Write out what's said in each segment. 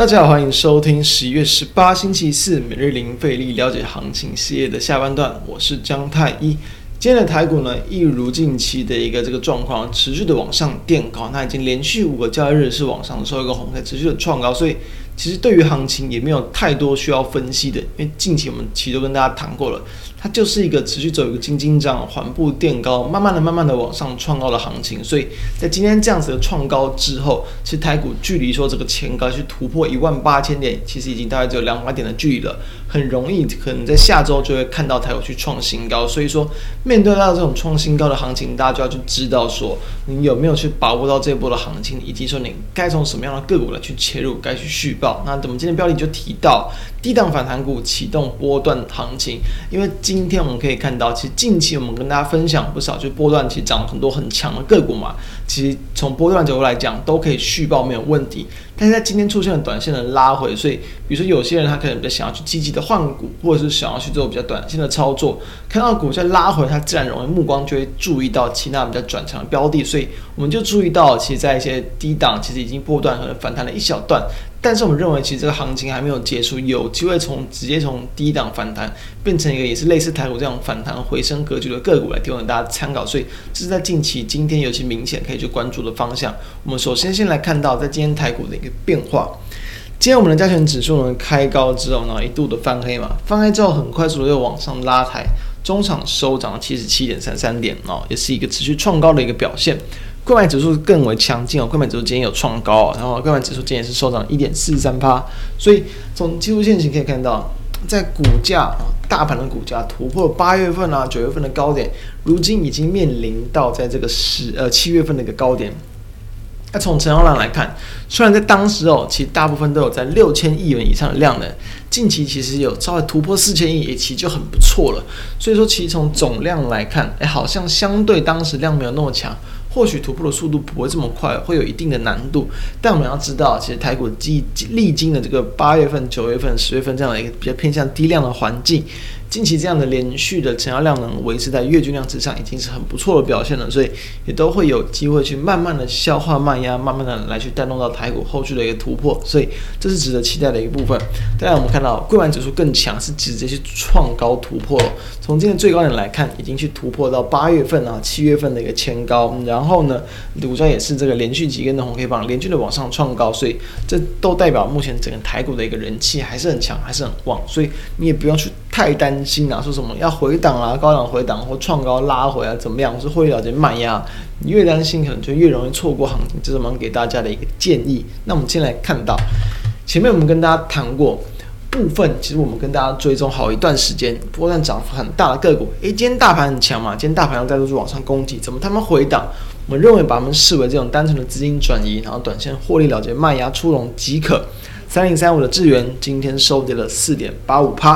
大家好，歡迎收聽十一月十八星期四每日零費力了解行情系列的下半段，我是江太一。今天的台股呢，一如近期的一個這個狀況，持續的往上墊高，那已經連續五個交易日是往上收一個紅 K，持續的創高，所以。其實對於行情也沒有太多需要分析的，因為近期我們其實都跟大家談過了，它就是一個持續走一個金金漲，緩步墊高，慢慢的、慢慢的往上創高的行情。所以在今天這樣子的創高之後，其實台股距離說這個前高去突破一萬八千點，其實已經大概只有兩百點的距離了，很容易可能在下周就會看到台股去創新高。所以說，面對到這種創新高的行情，大家就要去知道說，你有沒有去把握到這波的行情，以及說你該從什麼樣的個股來去切入，該去續抱。那怎麼今天標題就提到低檔反彈股啟動波段行情？因為今天我們可以看到，其實近期我們跟大家分享不少，就波段其實漲了很多很強的個股嘛。其實從波段角度來講，都可以續抱沒有問題。但是在今天出現了短線的拉回，所以比如說有些人他可能比較想要去積極的換股，或者是想要去做比較短線的操作，看到股價拉回，他自然容易目光就會注意到其他比較轉強的標的。所以我們就注意到，其實在一些低檔，其實已經波段和反彈了一小段。但是我們認為，其實這個行情還沒有結束，有機會從直接從低檔反彈，變成一個也是類似台股這樣反彈回升格局的個股來提供給大家參考。所以這是在近期，今天尤其明顯可以去關注的方向。我們首先先來看到在今天台股的一個變化。今天我們的加權指數呢開高之後呢，一度的翻黑嘛，翻黑之後很快速的又往上拉抬，中場收漲了七十七點三三點哦，也是一個持續創高的一個表現。櫃買指數更為強勁哦，櫃買指數今天有創高哦，然後櫃買指數今天是收漲一點四三%。所以從技術線型可以看到，在股價啊，大盤的股價突破八月份啊、九月份的高點，如今已經面臨到在這個十呃七月份的一個高點。那、啊、從成交量來看，雖然在當時哦，其實大部分都有在六千億元以上的量呢，近期其實有稍微突破四千億，也其實就很不錯了。所以說，其實從總量來看誒，好像相對當時量沒有那麼強。或許突破的速度不會這麼快，會有一定的難度。但我們要知道，其實台股經歷經了這個八月份、九月份、十月份這樣的一個比較偏向低量的環境。近期這樣的連續的成交量能維持在月均量之上，已經是很不錯的表現了，所以也都會有機會去慢慢的消化賣壓，慢慢的來去帶動到台股後續的一個突破，所以這是值得期待的一部分。當然，我們看到櫃買指數更強，是直接去創高突破了。從今天最高點來看，已經去突破到八月份啊七月份的一個前高。然後呢，五莊也是這個連續幾根的紅 K 棒，連續的往上創高，所以這都代表目前整個台股的一個人氣還是很強，還是很旺，所以你也不用去太擔。擔心拿出什麼要回檔啊，高檔回檔或創高拉回啊，怎麼樣？是獲利了結賣壓，你越擔心，可能就越容易錯過行情。這，就是我們給大家的一個建議。那我們先來看到前面，我們跟大家談過部分，其實我們跟大家追蹤好一段時間，波段漲幅很大的個股。誒，今天大盤很強嘛，今天大盤再度去往上攻擊，怎麼他們回檔？我們認為把他們視為這種單純的資金轉移，然後短線獲利了結賣壓出籠即可。三零三五的智原今天收跌了四點八五趴。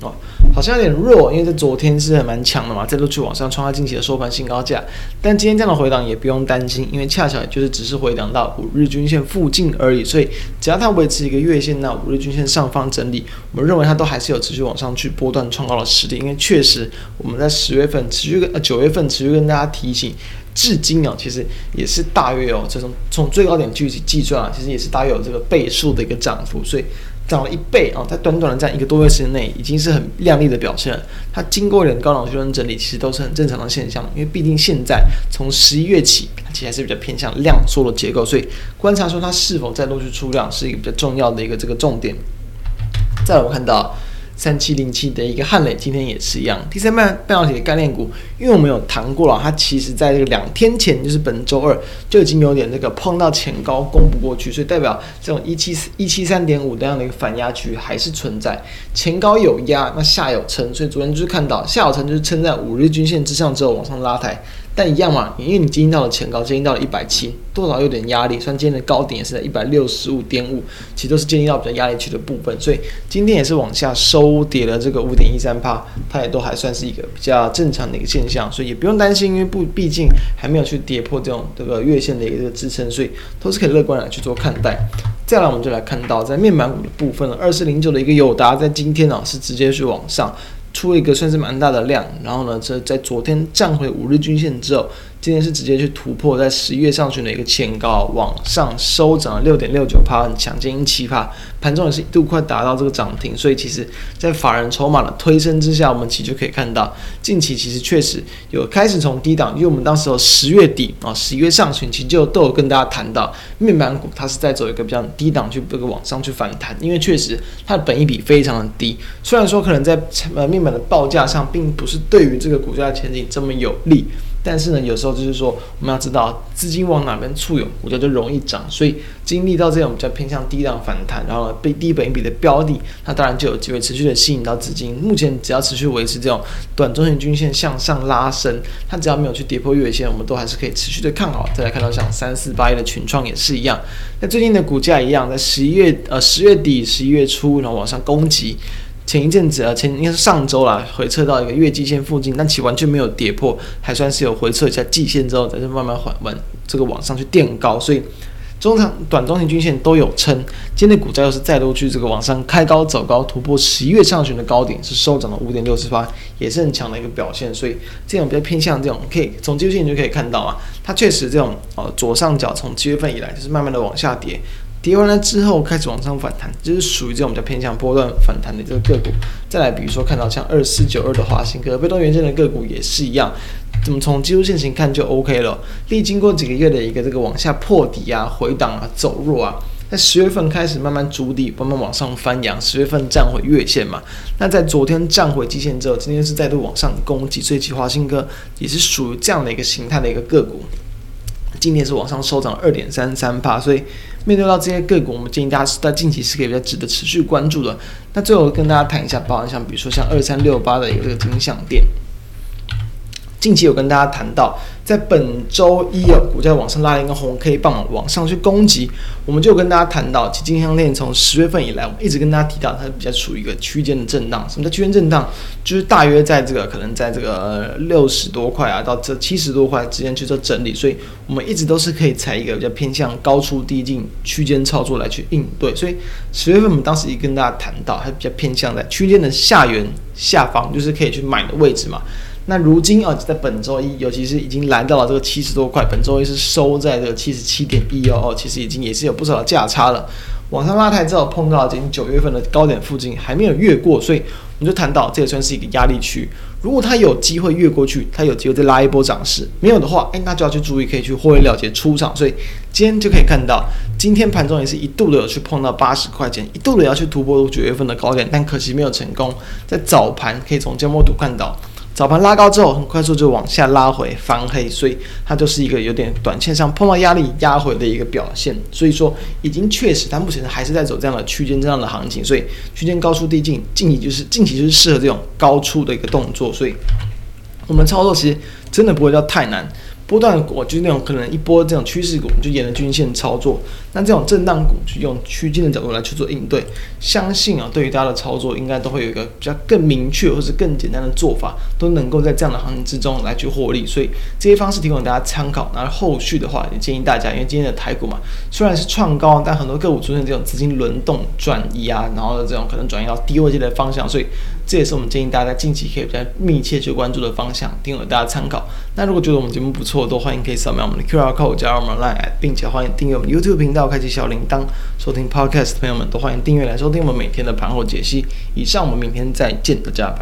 哦好像有點弱，因為在昨天是還蠻強的嘛，在陸續往上創下近期的收盤新高價。但今天這樣的回檔也不用擔心，因為恰巧也就是只是回檔到五日均線附近而已。所以只要它維持一個月線那五日均線上方整理，我們認為它都還是有持續往上去波段創高的實力。因為確實我們在十月份持續跟呃九月份持續跟大家提醒，至今啊其實也是大約有這種從最高點去計算啊，其實也是大約有這個倍數的一個漲幅，所以。漲了一倍啊，哦，在短短的這樣一個多月時間內，已經是很靚麗的表現了。它經過了高檔區修整整理，其實都是很正常的現象，因為畢竟現在從十一月起，它其實還是比較偏向量縮的結構，所以觀察說它是否在陸續出量，是一個比較重要的一個這個重點。再來我們看到，三七零七的一個漢磊，今天也是一樣。第三半半導體的概念股，因為我們有談過了，它其實在這個兩天前，就是本周二就已經有點這個碰到前高攻不過去，所以代表這種一七四、一七三點五這樣的一個反壓區還是存在。前高有壓，那下有撐，所以昨天就是看到下有撐，就是撐在五日均線之上之後往上拉抬。但一樣嘛，因為你接近到了前高，接近到了一百七，多少有點壓力。雖然今天的高點也是在一百六十五點五，其實都是接近到比較壓力區的部分，所以今天也是往下收跌了這個五點一三趴，它也都還算是一個比較正常的一個現象，所以也不用擔心，因為不畢竟還沒有去跌破這種這個月線的一個這個支撐，所以都是可以樂觀的去做看待。再來，我們就來看到在面板股的部分了，二四零九的一個友達，在今天呢，啊，是直接去往上。出一個算是蠻大的量，然後呢，這在昨天站回五日均線之後，今天是直接去突破在十一月上旬的一個前高，往上收漲了六點六九帕，很強勁，一七帕盤中也是一度快達到這個漲停，所以其實，在法人籌碼的推升之下，我們其實就可以看到，近期其實確實有開始從低檔，因為我們當時候十月底啊，哦、十一月上旬其實就都有跟大家談到，面板股它是在走一個比較低檔去這個往上去反彈，因為確實它的本益比非常的低，雖然說可能在呃面板的報價上，並不是對於這個股價的前景這麼有利。但是呢，有時候就是說，我們要知道資金往哪邊處湧，股價就容易漲。所以經歷到這樣，我們就要偏向低檔反彈，然後被低本益比的標的，那當然就有機會持續的吸引到資金。目前只要持續維持這種短中線均線向上拉升，它只要沒有去跌破月線，我們都還是可以持續的看好。再來看到像三四八一的群創也是一樣，那最近的股價一樣，在十一月呃十月底、十一月初，然後往上攻擊。前一陣子啊，前應該是上周啦，回撤到一個月季線附近，但其實完全沒有跌破，還算是有回撤一下季線之後，才是慢慢緩慢這個往上去墊高，所以中長短中型均線都有撐。今天股價又是再度去這個往上開高走高，突破十一月上旬的高點，是收漲了五點六四八，也是很強的一個表現。所以這種比較偏向這種，可以從技術面你就可以看到啊，它確實這種呃左上角從七月份以來就是慢慢的往下跌。跌完了之後開始往上反彈，就是屬於這種比較偏向波段反彈的這個個股。再來，比如說看到像二四九二的華新科、被動元件的個股也是一樣，怎麼從技術線型看就 OK 了。歷經過幾個月的一個這個往下破底啊，回檔啊，走弱啊，在十月份開始慢慢築底，慢慢往上翻揚，十月份站回月線嘛。那在昨天站回季線之後，今天是再度往上攻擊，所以華新科也是屬於這樣的一個形態的一個個股。今天是往上收漲二點三三趴，所以。面對到這些個股，我們建議大家是在近期是可以比較值得持續關注的。那最後跟大家談一下，包含像比如說像二三六八的一個這個金像電。近期有跟大家談到，在本周一啊，股價往上拉了一根紅 K 棒，往上去攻擊。我們就有跟大家談到，其金項鏈從十月份以來，我們一直跟大家提到，它是比較處於一個區間的震盪。什麼叫區間震盪？就是大約在這個可能在這個六十多塊啊，到這七十多塊之間去做整理。所以我們一直都是可以採一個比較偏向高出低進區間操作來去應對。所以十月份我們當時也跟大家談到，它比較偏向在區間的下緣下方，就是可以去買的位置嘛。那如今啊、哦，在本周一，尤其是已經來到了這個七十多塊，本周一是收在這個七十七點一二，其實已經也是有不少的價差了。往上拉抬之後，碰到了接近九月份的高點附近，還沒有越過，所以我們就談到這也算是一個壓力區。如果它有機會越過去，它有機會再拉一波漲勢；沒有的話、欸，那就要去注意，可以去獲利了結出場。所以今天就可以看到，今天盤中也是一度的有去碰到八十塊錢，一度的要去突破九月份的高點，但可惜沒有成功。在早盤可以從節目圖看到。早盤拉高之後，很快速就往下拉回翻黑，所以它就是一個有點短線上碰到壓力壓回的一個表現。所以說，已經確實，它目前還是在走這樣的區間這樣的行情，所以區間高出低進，近期就是近期就是適合這種高出的一個動作，所以我們操作其實真的不會叫太難。波段股就是那種可能一波這種趨勢股，就沿着均線操作；那這種震盪股去用區間的角度來去做應對。相信啊，對於大家的操作，應該都會有一個比較更明確或是更簡單的做法，都能夠在這樣的行情之中來去獲利。所以這些方式提供給大家參考。然後後續的話，也建議大家，因為今天的台股嘛，雖然是創高，但很多個股出現這種資金輪動轉移啊，然後這種可能轉移到低位階的方向。所以這也是我們建議大家近期可以比較密切去關注的方向，提供大家參考。那如果覺得我們節目不錯，都歡迎可以掃描我們的 QR code 加入我們 Line，並且歡迎訂閱我們 YouTube 頻道，開啟小鈴鐺，收聽 Podcast。朋友們都歡迎訂閱來收聽我們每天的盤後解析。以上，我們明天再見，大家拜。